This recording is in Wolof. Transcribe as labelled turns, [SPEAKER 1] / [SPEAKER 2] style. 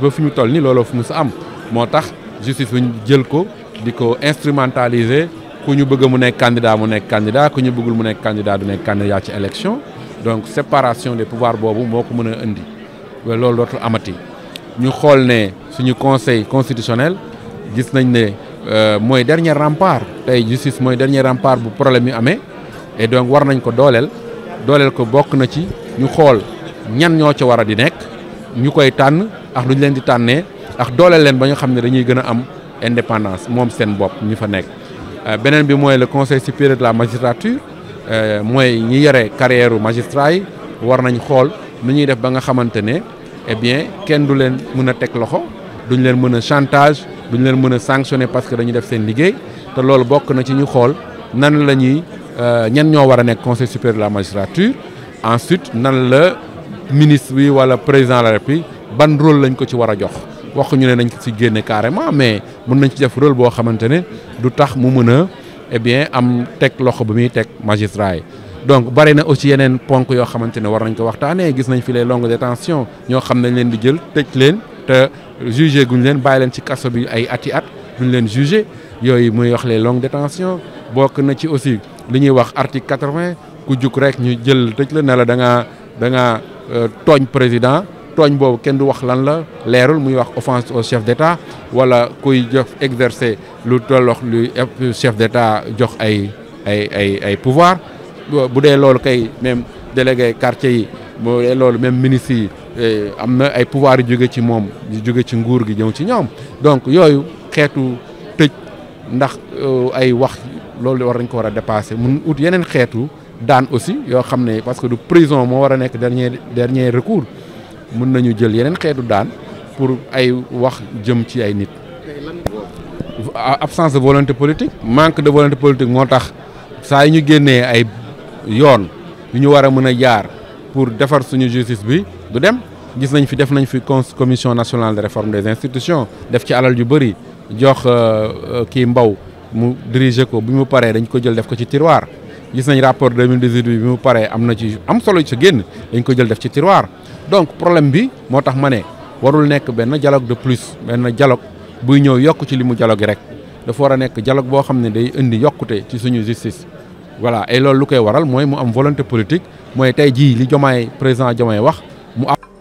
[SPEAKER 1] ba fi ñu toll ni looloo fu mu sa am moo tax justice bi jël ko di ko instrumentaliser ku ñu bëgg mu nekk kandidaa mu nekk candidat ku ñu bëggul mu nekk candidat du nekk candidat ci élection donc séparation des pouvoirs boobu moo ko mën a indi loolu dootul amati ñu xool ne suñu conseil constitutionnel gis nañ ne euh, mooy dernier rempart tey justice mooy dernier rempart bu problème yi amee et donc war nañ ko dooleel dooleel ko bokk na ci ñu xool ñan ñoo ca war a di nekk ñu koy tànn ak lu ñu leen di tànnee ak dooleel leen ba ñu xam ne dañuy gën a am indépendance moom seen bopp ñu fa nekk. Euh, beneen bi mooy le conseil supérieur de la magistrature euh, mooy ñu yore carrière magistrat yi war nañ xool lu ñuy def ba nga xamante ne eh bien kenn du leen mën a teg loxo duñ leen mën a chantage duñ leen mën a sanctionner parce que dañuy def seen liggéey te loolu bokk na ci ñu xool nan la ñuy euh, ñan ñoo war a nekk conseil supérieur de la magistrature ensuite nan ban rôle lañ ko ci war a jox waxuñu ñu ne nañ ko ci génn carrément mais mën nañ ci def rôle boo xamante ne du tax mu mën a eh bien am teg loxo bi muy teg magistrat yi. donc bari na aussi yeneen ponk yoo xamante ne war nañ ko waxtaanee gis nañ fi les longues détentions ñoo xam nañ leen di jël tëj leen te jugé guñ leen bàyyi leen ci kaso bi ay ati at ñu leen jugé yooyu muy wax les longues détentions bokk na ci aussi li ñuy wax article 80 ku jug rek ñu jël tëj la ne la da ngaa da euh, tooñ président. tooñ boobu kenn du wax lan la leerul muy wax offense au chef d' état wala kuy jox exercer lu tollox lu chef d' état jox ay ay ay ay pouvoir bu dee loolu kay même délégué quartier yi bu loolu même ministre yi eh, am na ay pouvoir jóge ci moom yu jóge ci nguur gi ñëw ci ñoom donc yooyu xeetu tëj ndax eh, ay wax loolu war nañ ko war a dépasser mun ut yeneen xeetu daan aussi yoo xam ne parce que du prison moo war a nekk dernier dernier recours mën nañu jël yeneen xeetu daan pour ay wax jëm ci ay nit. absence de volonté politique manque de volonté politique moo tax saa yi ñu génnee ay yoon yu ñu war a mën a jaar pour defar suñu justice bi du dem gis nañ fi def nañ fi commission nationale de réforme des institutions def ci alal yu bëri jox euh, euh, kii mbaw mu diriger ko bi mu paree dañ ko jël def ko ci tiroir. gis nañ rapport 2018 bi mu paree am na ci am solo ci génn dañ ko jël def ci tiroir donc problème bi moo tax ma ne warul nekk benn dialogue de plus benn dialogue buy ñëw yokk ci li mu dialogue rek dafa war a nekk dialogue boo xam ne day indi yokkute ci suñu justice. voilà ay lool lu koy waral mooy mu am volonté politique mooy tey jii li Diomaye président Diomaye wax mu am.